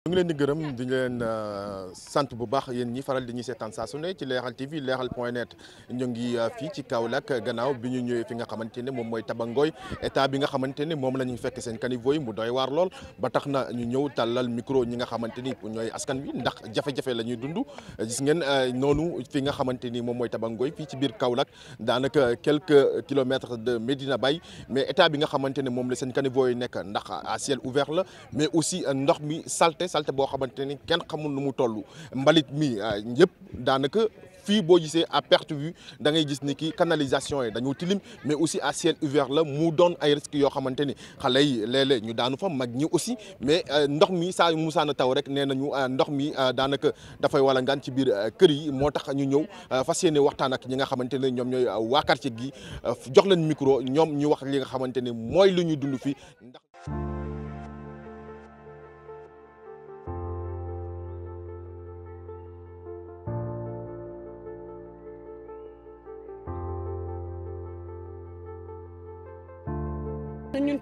ñu ngi leen di gërëm di leen euh, sant bu baax yéen ñi faral di ñuy seetaan saa su ne ci leexal TV Leral point net ñu ngi euh, fii ci Kaolack gannaaw bi ñu ñëwee fi nga xamante ne moom mooy Tabangoy état bi nga xamante ne moom la ñuy seen caniveau yi mu doy waar lool tax na ñu ñëw tàllal micro ñi nga xamante ni ñooy askan wi ndax jafe la ñuy dund gis ngeen euh, noonu fi nga xamante ni moom mooy Tabangoy fii ci biir Kaolack daanaka quelques kilomètres de médina Baye mais état bi nga xamante ne moom la seen caniveau yi nekk ndax à ciel ouvert la mais aussi ndox mi salte salte boo xamante ni kenn xamul nu mu tollu mbalit mi yëpp euh, daanaka fii boo gisee à perte vue da ngay gis ni ki canalisation yi dañoo tilim mais aussi à ciel ouvert la mu doon ay risques yoo xamante ni xale yi léeg-léeg ñu daanu fa mag ñi aussi mais euh, ndox mi saa musaana taw rek nee nañu euh, ndox mi daanaka dafay wala ngaan ci biir kër yi moo tax ñu ñëw fas yéene waxtaan ak ñi nga xamante ne ñoom ñooy waa quartier gi jox leen micro ñoom ñu wax li nga xamante ne mooy lu ñuy dund fii ndax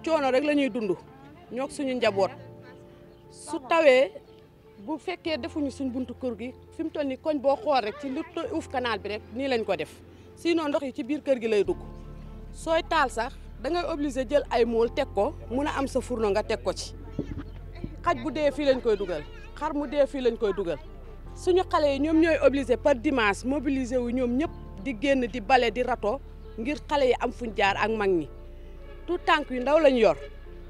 coono rek la ñuy dund ñoog suñu njaboot su tawee bu fekkee defuñu suñ buntu kër gi fi mu toll nii koñ boo xool rek ci lu uuf canal bi rek nii lañ ko def sinon ndox yi ci biir kër gi lay dugg sooy taal sax da ngay obligé jël ay mool teg ko mun a am sa fourneau nga teg ko ci xaj bu dee fii lañ koy dugal xar mu dee fii lañ koy dugal suñu xale yi ñoom ñooy obligé par dimanche mobiliser wu ñoom ñëpp di génn di bale di rato ngir xale yi am fuñ jaar ak mag ñi tout tànk yu ndaw lañ yor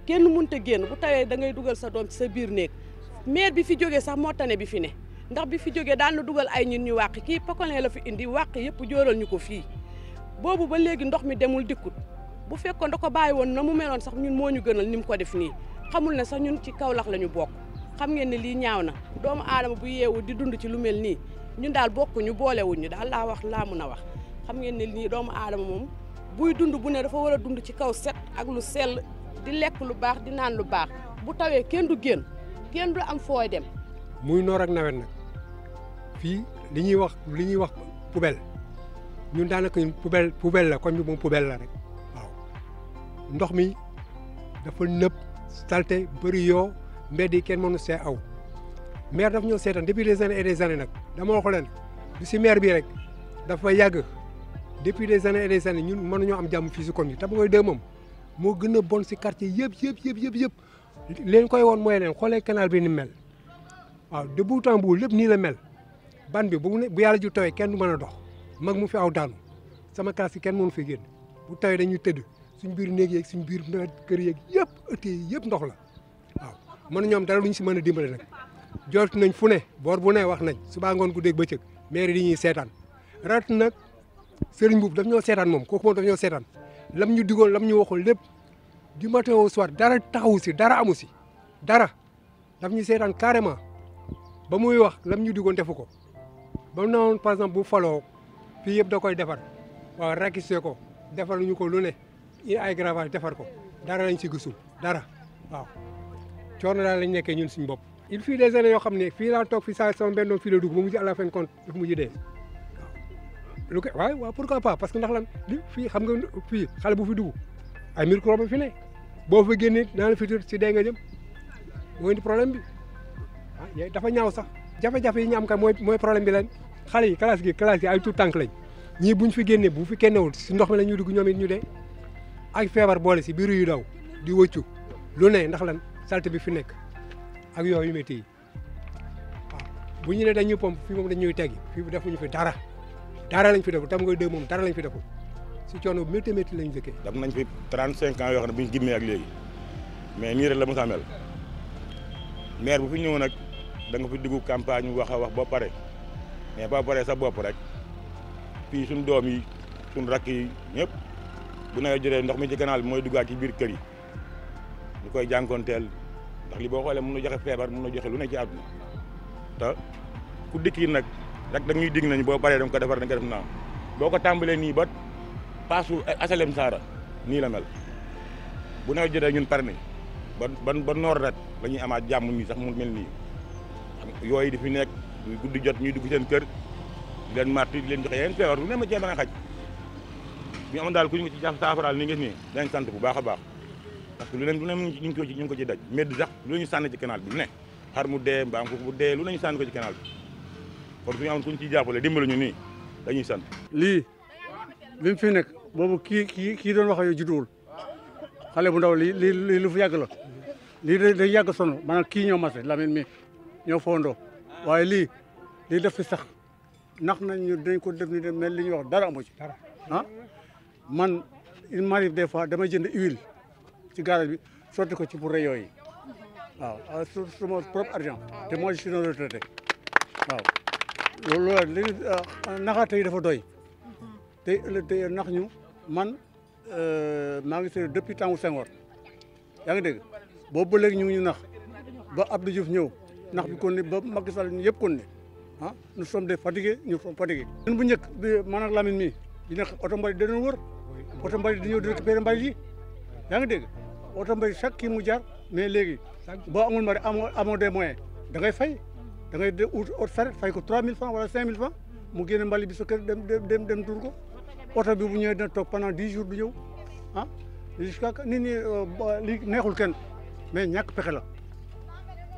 kenn mënut a génn bu tawee dangay dugal sa doom ci sa biir néeg maire bi fi jógee sax moo tane bi fi ne ndax bi fi jógee daan na dugal ay ñun ñu wàq kii Pokoné la fi indi wàq yëpp jóoral ñu ko fii boobu ba léegi ndox mi demul dikkut bu fekkoon da ko bàyyi woon na mu meloon sax ñun moo ñu gënal ni mu ko def nii xamul ne sax ñun ci Kaolack la ñu bokk xam ngeen ne lii ñaaw na doomu aadama bu yeewu di dund ci lu mel nii ñun daal bokk ñu boolewuñ ñu daal laa wax laa mun a wax xam ngeen ne nii doomu aadama moom buy dund bu ne dafa war a dund ci kaw set ak lu sell di lekk lu baax di naan lu baax bu tawee kenn du génn kenn du am fooy dem. muy noor ak nawet nag fii li ñuy wax li ñuy wax poubelle ñun daanaka ñun poubelle poubelle la koñ bi moom poubelle la rek ndox mi dafa nëb salté bëri yoo mbedd di kenn mënu see aw maire daf ñoo seetaan depuis des années et des années nag dama wax leen du si maire bi rek dafa yàgg. depuis des années et des années ñun mënuñoo am jàmm fii si koñ moo gën a bon si quartier yëpp yëpp yëpp yëpp koy woon mooy leen xoolee canal ni mel waaw de bout en lépp nii la mel ban bi bu bu yàlla ju tawee kenn du mën a dox mag mu fi aw daanu sama classe yi kenn mënu fi génn bu tawee dañuy tëdd suñ biir néeg yeeg suñ biir nawet kër yeeg yëpp ëtt yëpp ndox la waaw mën ñoom dara lu ñu si mën a dimbale nag jot nañ fu ne boor bu nee wax nañ subaa ngoon guddeeg bëccëg mairie di ñuy seetaan rat nag Serigne Mboup daf ñoo seetaan moom kooku moom ñoo seetaan lam ñu digoon lam ñu waxool lépp di matin au dara taxawu si dara amu si dara daf ñu seetaan carrément ba muy wax lam ñu digoon defu ko ba mu ne woon par exemple bu faloo fii yëpp da koy defar waaw rakise ko defar ñu ko lu ne ay gravage defar ko dara lañ si gisul dara waaw coono daal lañ nekkee ñun suñu bopp il fut des yoo xam ne fii laa toog fii saa sama benn doom fii la ba mu ji à la fin mu ji dee lu koy waaw waaw pourquoi pas parce que ndax lan li fii xam nga fii xale bu fi dugg ay microbe fi ne boo fa génnee naa la futur si dee nga jëm mooy indi problème bi ah dafa ñaaw sax jafe-jafe yi ñu kay mooy mooy problème bi lan xale yi classe gi classe gi ay tout tànk lañ ñii buñ fi génnee bu fi kennewul si ndox mi la ñuy dugg ñoom it ñu dee ak feebar boole si biir yu daw di wëccu lu ne ndax lan salte bi fi nekk ak yooyu métti yi bu ñu ne dañuy pompe fii moom dañuy teggi fii defuñu fi dara dara lañ fi defu tam nga deux moom dara lañ fi deful si coono bu métti métti lañ dëkkee. def nañ fi 35 ans yoo xam ne bu ñu gimmee ak léegi mais nii rek la mos a mel maire bu fi ñëw nag da nga fi dugg campagne wax a wax ba pare mais ba pare sa bopp rek fii suñu doom yi suñu rakk ñëpp bu na jotee ndox mi ci canal bi mooy duggaat ci biir kër yi ñu koy jànkoonteel ndax li boo xoolee mën joxe feebar mën na joxe lu ne ci àdduna te ku dikk yi nag. rek da ñuy dig nañu boo paree danga ko defar danga def naa boo ko tàmbalee nii ba paasu eh, asalem saara nii la mel bu nawet jotee ñun pare nañ ba ba ba noor rek la amaat jàmm nii sax mu mel nii yooyu di fi nekk guddi jot ñuy dugg seen kër di leen marti di leen joxe yeneen feebar bu ne ma cee mën a xaj ñu amoon daal ku ñu ci jàpp saafaraal ni ngeen nii dañ sant bu baax a baax parce que lu leen lu ne ñu ngi ko ci ñu ngi ko ñu sànni ci bi lu ne xar mu dee mbaam ko bu dee lu ne ñu sànni ko ci bi kon suñu amoon ku ñu ciy jàppale dimbali ñu nii dañuy sant. lii li fi nekk boobu kii kii kii doon wax ak yow judduwul xale bu ndaw lii lii lu fi yàgg la lii day day yàgg sonn kii ñoo mase Lamine mi ñoo foondoo waaye lii lii def fi sax nax nañ ñu dañ ko def ni de mel li ñuy wax dara amu ci ah man il m'arrive des dama jënd huile ci garage bi sotti ko ci pour rayon yi waaw ah, sur propre argent ah, te moi je suis non waaw loolu la léegi ah, naxaate yi dafa doy te te nax ñu man euh, maa ngi seetlu depuis temps wu Senghor yaa ngi dégg boobu ba léegi ñu ngi ñu nax ba du Diouf ñëw nax bi kon ne ba Macky Sall ñu yëpp kon ne ah nous sommes des fatigués ñu sommes fatigués. ñun bu njëkk bi maanaam Lamine mii di nekk oto mbay da doon wër oto mbay di ñëw di récupérer mbay yi yaa ngi dégg oto mbay chaque kii mu jaar mais léegi boo amul mari amoo amoo des moyens da ngay fay. da ngay de ut ot saret fay ko 3000 francs wala 5000 francs mu génne mbali bi sa kër dem dem dem tuur ko oto bi bu ñëwee dina toog pendant 10 jours du ñëw ah jusqu'à nit ñi euh, li neexul kenn mais ñàkk pexe la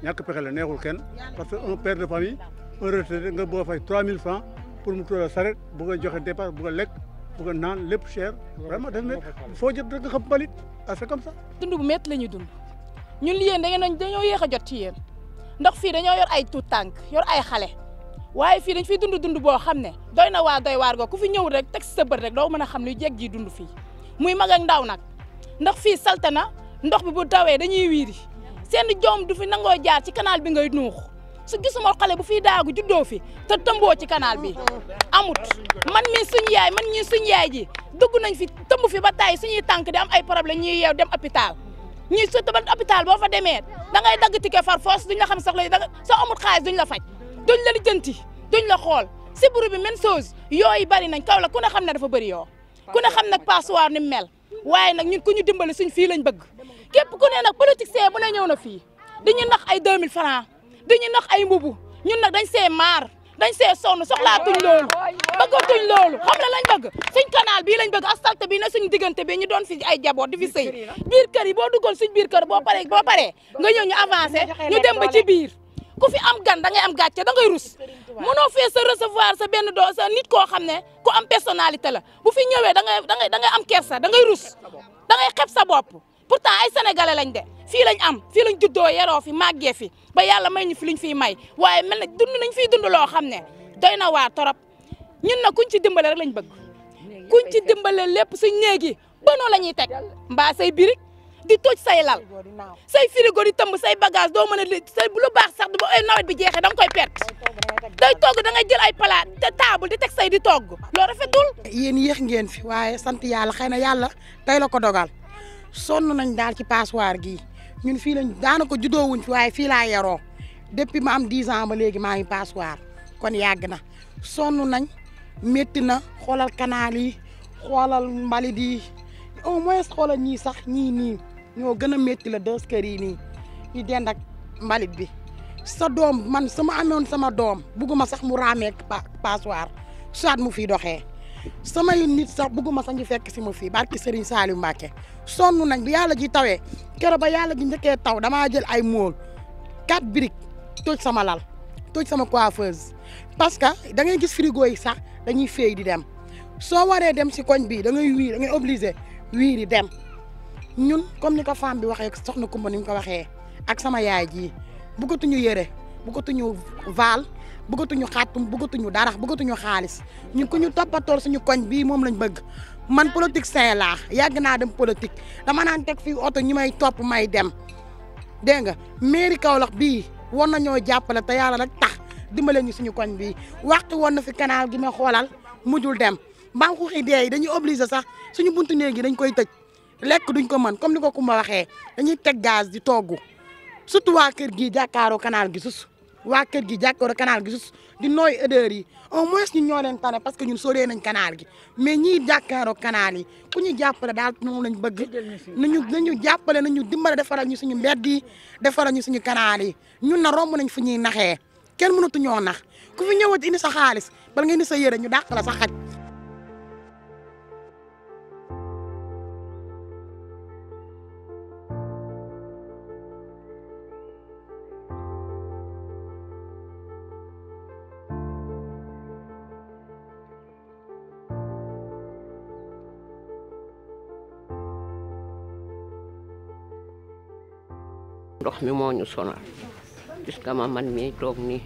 ñàkk pexe la neexul kenn parce que un père de famille un retraité nga bëgg a fay mille francs pour mu tuur saret bu nga joxe dépense bu nga lekk bu nga naan lépp cher vraiment daf ne foo jot rek nga xam mbalit ah c'est comme ça. dund bu métti la ñuy dund ñun li yéen da ngeen dañoo yéex a jot ci yéen. ndax fii dañoo yor ay tuut tànk yor ay xale waaye fii dañ fiy dund dund boo xam ne doy na waa doy waar go ko fi ñëw rek teg sa bët rek doo mën a xam ne jeeg ji dund fii muy mag ak nag ndax fii salte na ndox bi bu tawee dañuy wiiri seen joom du fi nangoo jaar ci kanaal bi ngay nuux su gisuma xale bu fiy daagu juddoo fi te tëmboo ci kanaal bi amut man mii suñ yaay man ñii suñ yaay ji dugg nañ fi tëmb fi ba tàyyi suñuy tànk di am ay problème ñuy yeew dem hôpital ñii sa taban hôpital boo fa demee da ngay dagg ticket far force duñ la xam sax la da soo amul xaalis duñ la faj duñ la lijjanti duñ la xool si buru bi même chose yooyu bari nañ kaw la ku a xam ne dafa bëri yoo ku ne xam nag passoir ni mel waaye nag ñun ku ñu dimbali suñ fii lañ bëgg képp ku ne nag politicien bu ne ñëw na fii di ñu nax ay 2000 francs di ñu nax ay mbubu ñun nag dañ see maar dañ see sonn soxlaatuñ loolu bëggatuñ loolu xam la lañ bëgg suñ canal bii lañ bëgg asphalte bii na suñ diggante bi ñu doon fi ay jaboot di fi sëy biir kër yi boo duggoon suñ biir kër boo paree boo paree nga ñëw ñu avancé ñu dem ba ci biir ku fi am gan da ngay am gàcce da ngay rus mënoo fee sa recevoir sa benn doo sa nit koo xam ne ku am personnalité la bu fi ñëwee da ngay da ngay da ngay am kersa da ngay rus da xeb sa bopp pourtant ay sénégalais lañ de fii lañ am fii lañ juddoo yeroo fi màggee fi ba yàlla may ñu fi luñ fiy may waaye mel na dund nañ fiy dund loo xam ne doy na waa torop ñun na kuñ ci dimbale rek lañ bëgg kuñ ci dimbale lépp suñ néegi banoo la ñuy teg mbaa say birig di tooj say lal say frigo di tëmb say bagage doo mën a say lu baax sax ba ay nawet bi jeexee da nga koy perte day togg da ngay jël ay palaat te table di teg say di toog loo rafetul yéen yéex ngeen fi waaye sant yàlla xëy na yàlla tey la ko dogal sonn nañ daal gii ñun fii lañ daanaka juddoo wuñ fi waaye fii laa yaroo depuis maam am 10 ans ba léegi maa ngi Passoire kon yàgg na sonn nañ metti na xoolal canal xoolal mbalit yi au moins xoolal ñii sax ñii nii ñoo gën a métti la deux kër yi nii ñu dend ak mbalit bi sa doom man sama amoon sama doom bugguma sax mu raamee Passoire soit mu fiy doxee sama unit sax bëgguma sax ñu fekk si ma fii barki Serigne Saliou Mbacké sonn nañ bi yàlla ji tawee kero ba yàlla ji njëkkee taw damaa jël ay mool quatre briques toj sama lal toj sama coiffeuse parce que da ngay gis frigo yi sax dañuy féey di dem soo waree dem si koñ bii da ngay wiir da ngay obligé dem ñun comme ni ko femme bi waxee soxna Kumba ni mu ko waxee ak sama yaay ji bëggatuñu yëre bëggatuñu vaal buggatuñu xaatum bëggatuñu dara buggatuñu xaalis ñu ku ñu toppatool suñu koñ bii moom lañ bëgg man politique sain laa yàgg naa dem politique dama naan teg fi oto ñi may topp may dem dégg nga mairie Kaolack bii war nañoo jàppale te yàlla rek tax dimbale ñu suñu koñ bii waxtu won na fi canal gi ma xoolal mujjul dem mbaam xuuxi dee yi dañuy obligé sax suñu buntu néeg yi dañ koy tëj lekk duñ ko mën comme ni ko ma waxee dañu teg gaz di togg surtout waa kër gii jàkkaaroo canal gi sus waa kër gi jàkkaarloo canal gi juste di nooy odeur yi au moins ñun ñoo leen tane parce que ñun sóoree nañ canal gi mais ñiy jàkkaarloo canal yi ku ñu jàppale daal moom lañ bëgg nañu nañu jàppale nañu dimbale defaral ñu suñu mbedd yi defaral ñu suñu canal yi ñun na romb nañ fu ñuy naxee kenn mënatu ñoo nax ku fi ñëwati indi sa xaalis bal nga indi sa yére ñu dàq la sa xaj ndox mi moo ñu sonal gis nga ma man mii toog nii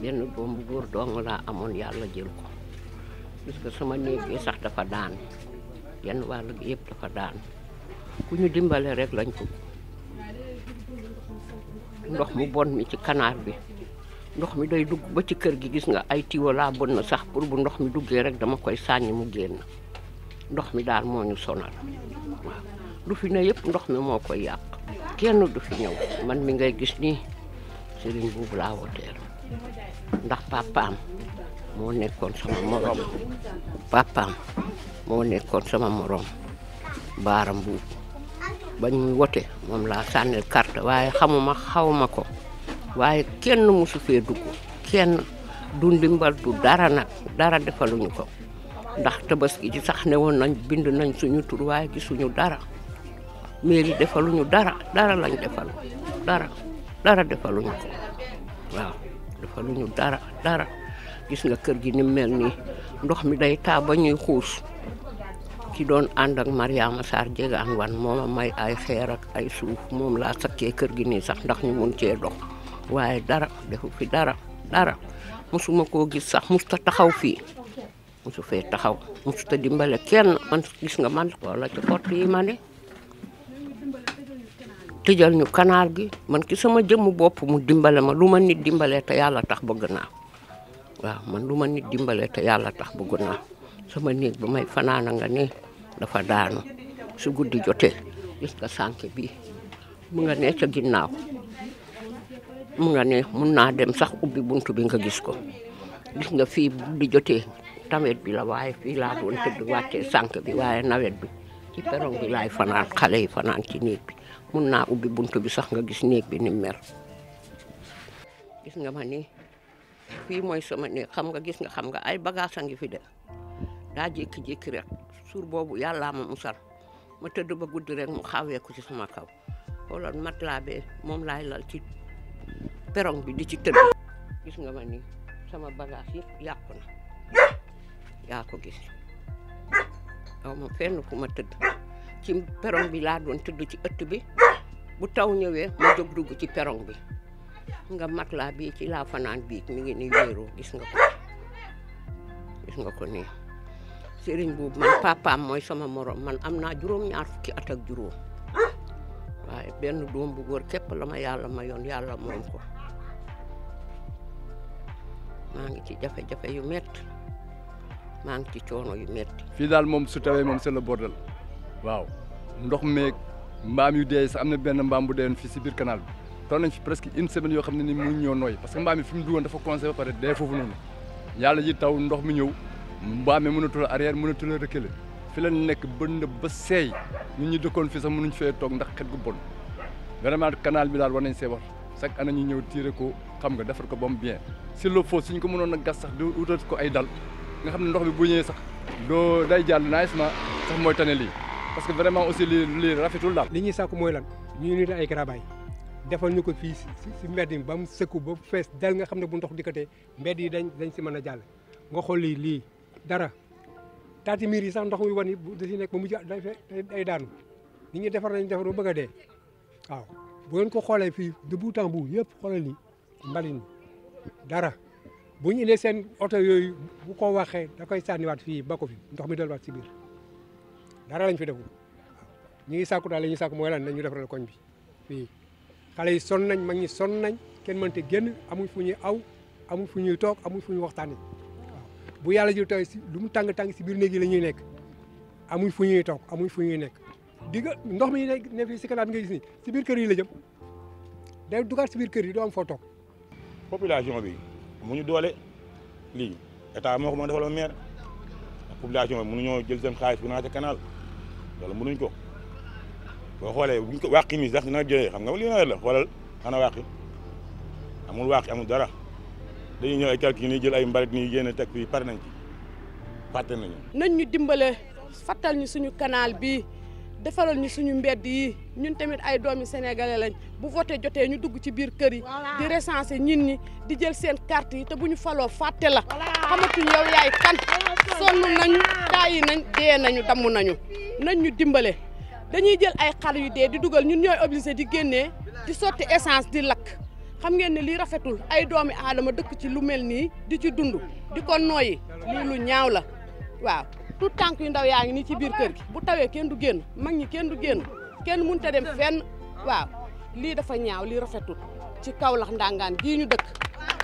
benn doom bu góor dong laa amoon yàlla jël ko gis nga sama néeg bi sax dafa daan yenn wàll gi yëpp dafa daan ku ñu dimbale rek lañ ko ndox mi bon mi ci kanaar bi ndox mi day dugg ba ci kër gi gis nga ay tiwo laa na sax pour bu ndox mi duggee rek dama koy sàññi mu génn ndox mi daal moo ñu sonal waaw lu fi ne yëpp ndox mi moo koy yàq kenn du fi ñëw man mi ngay gis nii sëriñ buubu laa woteel ndax papaam moo nekkoon sama morom papaam moo nekkoon sama morom baaram buubu ba ñuy wote moom la sànnil kart waaye xamuma xawma ko waaye kenn mosu fee dugg kenn du ndimbal du dara nag dara defaluñu ko ndax tabaski ci ne woon nañ bind nañ suñu tur waaye gisuñu dara mairie defaluñu dara dara lañ defal dara dara defaluñu ko waaw defaluñu dara dara gis nga kër gi nim mel nii ndox mi day taaba ñuy xuus ki doon ànd ak Mariama Sarr Jegaan wan mooma may ay xeer ay suuf moom laa sakkee kër gi nii sax ndax ñu mun cee dox waaye dara defu fi dara dara mosuma koo gis sax musta taxaw fii musu fee taxaw musta dimbale kenn man gis nga man wala ci porte ma ne tëjal ñu kanaar gi man ki sama jëmm bopp mu dimbale ma lu ma ni dimbale te yàlla tax bëgg naa waaw man lu ma ni dimbale te yàlla tax bëgg naa sama néeg ba may fanaana nga ne dafa daanu su guddi jotee gis nga sànke bi mu nga ne ca ginnaaw mu nga ne mun naa dem sax ubbi buntu bi nga gis ko gis nga fii di jotee tawet bi la waaye fii laa doon tëdd wàccee sànk bi waaye nawet bi ci perong bi laay fanaan xale yi fanaan ci néeg bi mun naa ubbi bunt bi sax nga gis néeg bi ni mer gis nga ma ni fii mooy sama néeg xam nga gis nga xam nga ay bagages a ngi fi de daa jékki-jékki rek suur boobu yàllaa ma musal ma tëdd ba guddi rek mu xawee ko ci sama kaw xoolal matelas bi moom laay lal ci perong bi di ci tëdd gis nga ma ni sama bagage yëpp yàqu na yaa ko gis aw ma fenn fu ma tëdd ci perong bi laa doon tëdd ci ëtt bi bu taw ñëwee ma dugg ci perong bi nga mat laa bii ci laa fanaan biig mi ngi ni wéeru gis nga ko nga ko nii sëriñ boobu man papaam mooy sama morom man am naa juróom-ñaar fukki at ak juróom waaye benn doom bu góor képp la ma yàlla mayoon yàlla moom ko maa ngi ci jafe-jafe yu métti maa ngi ci coono yu métti. fii daal moom su tawee moom c'est le bordel waaw ndox meeg mbaam yu dee sax am na benn mbaam bu deewoon fii si biir canal bi toog nañ fi presque une semaine yoo xam ne ni mu ñëw nooy parce que mbaam yi fi mu duggoon dafa conservé ba dee foofu noonu yàlla ji taw ndox mi ñëw mbaam yi mënatul a arrière mënatul a reculer fi la nekk bënd ba seey ñun ñu dëkkoon fii sax mënuñ fee toog ndax xet gu bon vraiment kanaal bi daal war nañ see wax an année ñu ñëw tiire ko xam nga defar ko ba mu bien s'il le faut suñ ko mënoon a gas sax du utal ko ay dal nga xam ndox bi bu ñëwee sax doo day jàll naaj sax mooy tane lii parce que vraiment aussi li li rafetul daal. li ñuy sàkku mooy lan ñu ngi ay garabaay defal ñu ko fii si si mbedd mi ba mu sëkku ba fees del nga xam ne bu ndox dikkatee mbedd yi dañ dañ si mën a jàll nga xool lii lii dara taati miir yi sax ndox mi wan yi bu da si nekk ba mujj day daanu nit ñi defar nañ defar ba bëgg a dee waaw bu ngeen ko xoolee fii de bout en bout yëpp xoolal ni mbalin dara bu ñu indee seen oto yooyu bu ko waxee da koy sànniwaat fii ba ko fi ndox mi waat si biir. dara lañ fi deful ñu ngi sàkku daal la ñuy sàkku mooy lan nañu defaral koñ bi fii xale yi sonn nañ mag ñi sonn nañ kenn mënte génn amuñ fu ñu aw amuñ fu ñuy toog amuñ fu ñuy waxtaanee waaw bu yàlla ji tey si lu mu tàng tàng si biir néeg yi la nekk amuñ fu ñuy toog amuñ fu ñuy nekk di nga ndox mi ne fii si kanaat nga gis ni si biir kër yi la jëm day dugaat si biir kër yi doo am foo toog. population bi mu ñu doole lii état moo ko ma a defal maire population bi mënuñoo jël seen xaalis bi naa ca canal. loolu mënuñ ko boo xoolee buñ ko wàqi nii sax dina jëlee xam nga li nawet la xoolal xana wàqi amul wàqi amul dara dañuy ñëw ay calcul nii jël ay mbalit nii génne teg fii pare nañ ci fàtte nañu nañ ñu dimbale fàttal ñu suñu canal bi defaral ñu suñu mbedd yi ñun tamit ay doomi sénégalais lañ bu voté jotee ñu dugg ci biir kër yi di recensé nit ñi di jël seen carte yi te bu ñu faloo fàtte la xamatuñ yow yaay kan sonn nañu tàyyi nañ dee nañu damm nañu nañ ñu dimbale dañuy jël ay xar yu dee di dugal ñun ñooy obligé di génnee di sotti essance di lakk xam ngeen ne lii rafetul ay doomi aadama dëkk ci lu mel nii di ci dund di ko nooyi lii lu ñaaw la waaw tout tànk yu ndaw yaa ngi nii ci biir kër gi bu tawee kenn du génn mag ñi kenn du génn kenn mënut a dem fenn waaw lii dafa ñaaw lii rafetul ci Kaolack ndangaan gii ñu dëkk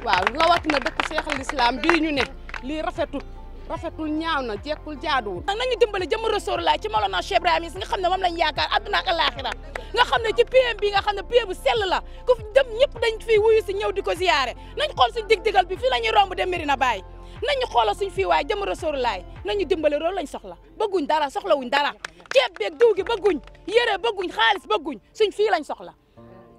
waaw na dëkk seexal lislaam bii ñu ne lii rafetul rafetul ñaaw na jekkul jaaduwul nañu dimbali jëm resoor laay ci Mawlana Cheikh Ibrahima nga xam ne moom lañ yaakaar àdduna ak alaaxira nga xam ne ci PM bi nga xam ne PM bu sell la ku dem ñëpp dañ fi wuyu si ñëw di ko ziyaare nañ xool suñ dig-digal bi fii la ñuy romb dem Médina Baye nañu xoolal suñ fii waay jëm resoor laay nañu dimbali loolu lañ soxla bëgguñ dara soxlawuñ dara ceeb beeg diw gi bëgguñ yére bëgguñ xaalis bëgguñ suñ fii lañ soxla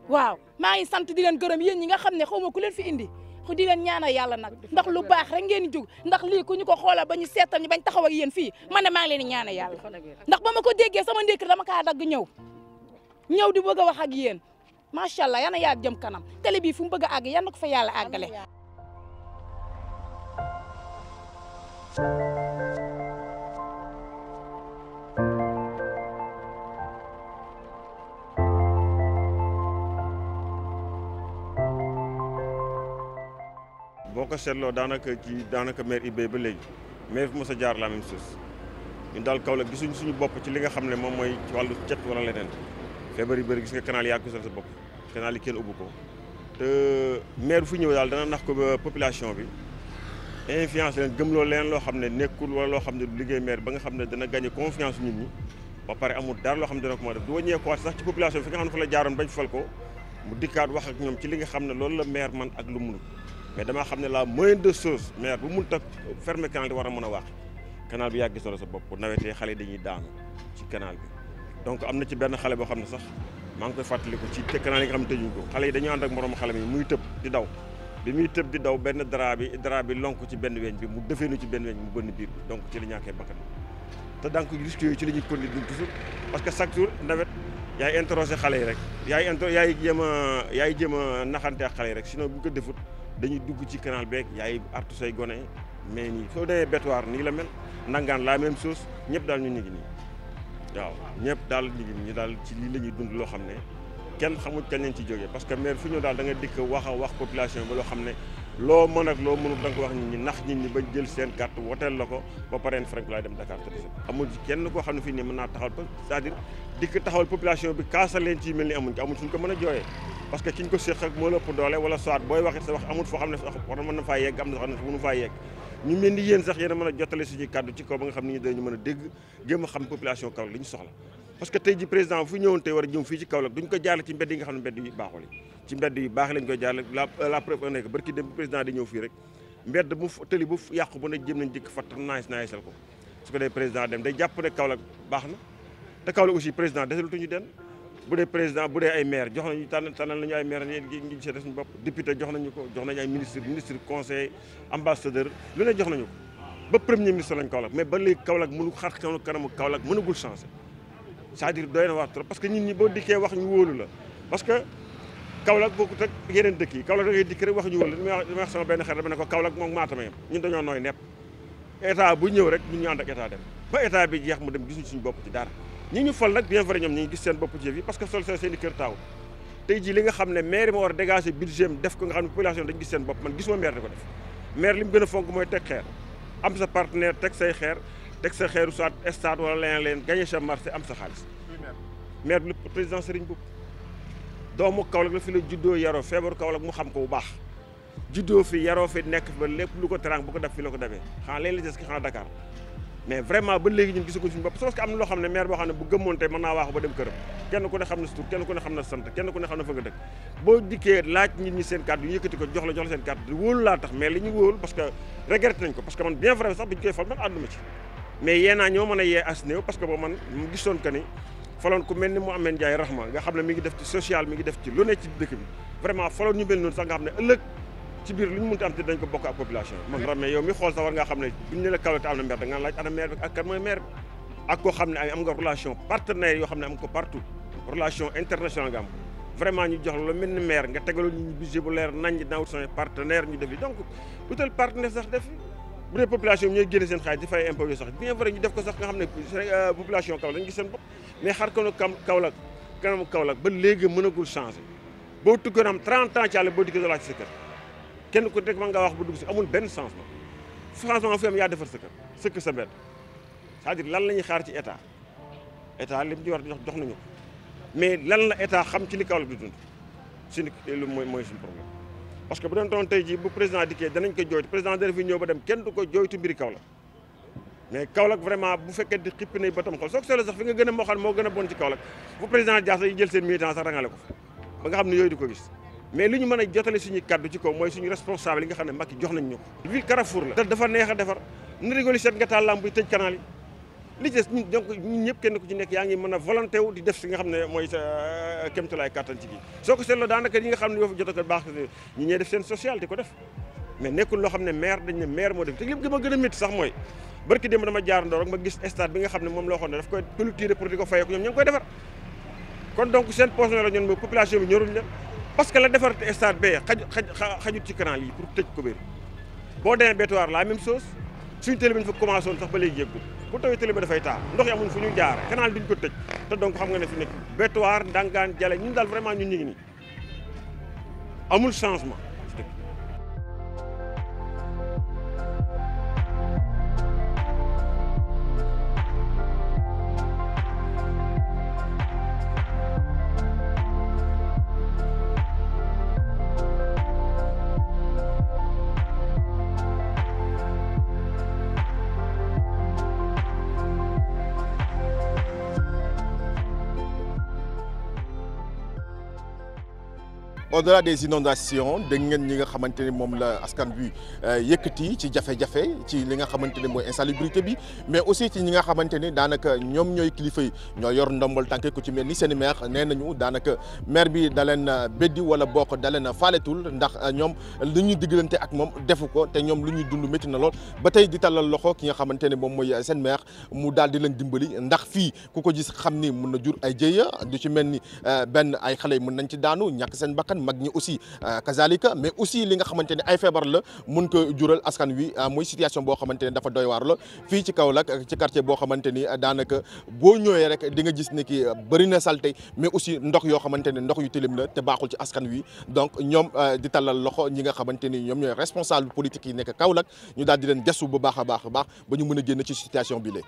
waaw maa ngi sant di leen gërëm yéen ñi nga xam ne xaw ma ku leen fi indi di leen ñaanal yàlla nag ndax lu baax rek ngeen jug ndax lii ku ñu ko xoolal ba ñu seetal ñu bañ taxaw ak yéen fii man ne maa ngi leen di ñaanal yàlla ndax ba ma ko déggee sama ndékk dama kaa dagg ñëw ñëw di bëgg a wax ak yéen macha allah yana yaa jëm kanam télé bii fu mu bëgg a yan na ko fa yàlla àggale boo ko seetloo daanaka ci daanaka maire Ibey ba léegi maire bi mos a jaar la même chose ñun daal kaw la gisuñ suñu bopp ci li nga xam ne moom mooy ci wàllu cet wala leneen feebar yu bëri gis nga canal yi ko te maire fu daal dana nax ko population bi influence leen gëmloo loo xam ne nekkul wala loo xam ne du liggéey ba nga xam ne dana gagné confiance nit ñi ba pare amul dara loo xam ne dana ko mën a def du wàññeekuwaat sax ci population bi fi nga xam ne fa la jaaroon bañ fal ko mu dikkaat wax ak ñoom ci li nga xam ne loolu la maire man ak lu munul mais damaa xam ne la moindre chose maire bu mun ta fermer canal bi war a mën a wax canal bi yaa gis sa bopp bu nawetee xale dañuy daanu ci canal bi donc am na ci benn xale boo xam ne sax maa ngi koy fàttaliku ci te yi xam ne tëjuñ ko xale yi dañu ànd ak moroom xale mi muy tëb di daw bi muy benn drap bi drap bi lonk ci benn weñ bi mu defeenu ci benn weñ mu bënn ci la ñàkkee bakkan te donc risque ci la ñuy conduire ñun toujours parce que chaque jour nawet yaay interroger xale yi rek yaay inter yaay jéem a yaay jéem a naxante ak xale yi rek sinon bu ko defut dañuy dugg ci canal beeg yaay artu say gone mais nii soo demee bétuwaar nii la mel nangaan la même chose ñëpp daal ñu ngi nii waaw ñëpp daal ñu ngi ñu daal ci lii la dund loo xam ne kenn xamul kañ lañ ci jógee parce que maire fu ñëw daal da nga dikk wax a wax population ba loo xam ne loo mën ak loo mënul da nga ko wax nit ñi nax nit ñi ba jël seen carte woteel la ko ba pare Frank laay dem Dakar te amul ci kenn koo xam ne fii nii mën naa taxawal c'est-à-dire dikk taxawal population bi kaasal leen ci mel ni amuñ ci amul suñ ko mën a jooyee parce que kiñ ko séq ak moo la ëpp doole wala soit booy waxit sa wax amul foo xam ne sax war na mën na faa yegg am na sax mënu faa yegg ñu mel ni yéen sax yéen a mën a jottale suñuy kàddu ci kaw ba nga xam ni ñu dañu mën a dégg gëm a xam population Kaolack li ñu soxla parce que tey ji président fu ñëwoon tey war a jëm fii ci Kaolack duñ ko jaarale ci mbedd yi nga xam ne mbedd yu baaxul ci mbedd yu baax lañ koy jaarale la la preuve nekk barki dem président di ñëw fii rek mbedd bu tëli bu ko su ko na te Kaolack ko ba premier ministre lañ Kaolack mais ba léegi Kaolack mënu xar kanamu Kaolack mënagul changer c'est-à-dire doy na wax trop parce que nit boo dikkee wax ñu wóolu la parce que Kaolack bokkut ak yeneen dëkk yi Kaolack da ngay dikk rek wax ñu wóolu la damay wax sama benn xarit dama ne ko Kaolack moom Matam yam ñun dañoo nooy nepp état bu ñëw rek ñun ñu ànd ak état dem ba état bi jeex mu dem gisuñu suñu bopp ci dara ñi ñu fal nag bien vrai ñoom ñi ngi gis seen bopp ci yëf yi i kër taaw tey jii li nga xam ne maire moo war a dégager budget def ko nga xam ne man gisuma maire di ko def maire li mu gën fonk mooy teg xeer am sa partenaire teg say xeer teg sa xeeru soit stade wala leneen leen gagné sa marché am sa xaalis maire bi le président Serigne Mboup doomu Kaolack la fi la juddoo yaroo feebaru Kaolack mu xam ko bu baax juddoo fi yaroo fi nekk ba lépp lu ko terang bu ko def fi la ko defee xanaa léegi la gis ki xanaa Dakar mais vraiment ba léegi ñun gisaguñ suñu bopp parce que am na loo xam ne maire boo xam ne bu gëmmoon tey mën naa waaxu ba dem këram kenn ku ne xam na tur kenn ko jox la jox la seen mais yee ñoo mën a yee as néew parce que boo man mu gisoon que ni faloon ku mel ni Mouhamed Ndiaye Rahma nga xam ne mi ngi def ci social mi ngi def ci lu ne ci dëkk bi vraiment faloon ñu mel noonu sax nga xam ne ëllëg ci biir lu ñu mënti am te dañ ko bokk ak population man Ramé yow xool sax war nga xam ne duñ ne te am na maire da nga laaj ana maire bi ak kan xam ne am nga relation partenaire yoo xam ne am ko partout relation internationale mel ni maire nga tegaloon ñu budget bu leer nañ ñi naawut sama partenaire ñu def bu dee population bi ñooy génne seen xaalis di fay impôt sax bien vrai ñu sax nga xam ne euh, population Kaolack dañu gis seen bopp mais xar kanu Kaolack kanam Kaolack ba léegi mënagul changé boo tukkoon am 30 ans ci àll boo dikkee doo laaj sa kenn ku nekk mën ngaa wax bu dugg si amul benn changement changement fi am yaa defar sa kër sëkk sa dire lan la ñuy xaar ci état état li mu ñu war jox jox nañu mais lan la état xam ci li Kaolack di dund suñu lu mooy mooy suñu problème parce que bu doon toon tey jii bu président dikkee ko jooytu président dana ko jooytu mbiri Kaolack mais Kaolack vraiment bu fekkee di xippi nay batam xol soo ko seetloo sax fi nga gën moo xam moo gën bon ci Kaolack bu président Diatta yi jël seen militant sax rangale ko fa ba nga xam ne yooyu di ko gis mais li ñu mën a jotale suñuy kaddu ci kaw mooy suñu responsable nga xam ne Macky jox nañ ñu ville Carrefour la dafa neex a defar ni rigoli seet nga li des ñun kenn ku ci nekk yaa ngi mën a volonté wu di def si nga xam ne mooy sa euh, kéemtulaay kattan ci gi soo ko seetloo daanaka ñi nga xam ne yoo fa jot a baax ñi ñee def seen social ne maire dañ ne maire moo def te lépp li ma a métti sax mooy barki démb nga xam ne moom loo xam ne daf koy clôturer pour di ko fayee ñoom ña koy defar kon donc seen poche la ñun mooy population bi ñoruñ leen parce que la defar stade bee xaj xajut ci canal yi pour tëj ko biir boo demee bétuwaar la même chose suñu télé bi ñu fa commencé woon sax ba léegi yëggul bu tawee télé bi dafay taal ndox yi amuñ fu ñu jaar canal duñ ko tëj te donc xam nga ne fi nekk bétuwaar ndangaan jale ñun daal vraiment ñun ñu ngi nii amul changement au-delà des dégg ngeen ñi nga xamante ne moom la askan bi euh, yëkkati ci jafe-jafe ci li nga xamante ne mooy insalubrité bi mais aussi ci ñi nga xamante ni daanaka ñoom ñooy kilifa yi ñoo yor ndombal tànk ku ci mel ni seen maire nee nañu daanaka maire bi da leen beddi wala bokk da leen faaletul ndax euh, ñoom li ñuy digalante ak moom defu ko te ñoom lu ñuy dund métti na lool ba tey di tàllal loxo ki nga xamante ne moom mooy seen maire mu daal di leen dimbali ndax fii ku ko gis xam ni mun na jur ay jéeya du ci mel ni euh, benn ay xale yi mën nañ ci daanu ñàkk seen bakkan mag ñi aussi euh, kazalika mais aussi li nga xamante ne ay feebar la mun ko jural askan wi euh, muy situation boo xamante ne dafa doy waar la fii ci Kaolack ci quartier boo xamante ni daanaka boo ñëwee rek di nga gis ni ki euh, bëri na salté mais aussi ndox yoo xamante ne ndox yu tilim la te baaxul ci askan wi donc ñoom di tallal loxo ñi nga xamante ni ñoom ñooy responsable politique yi nekk Kaolack ñu daal di leen gestu bu baax a baax a ba ñu mën a génn ci situation bi la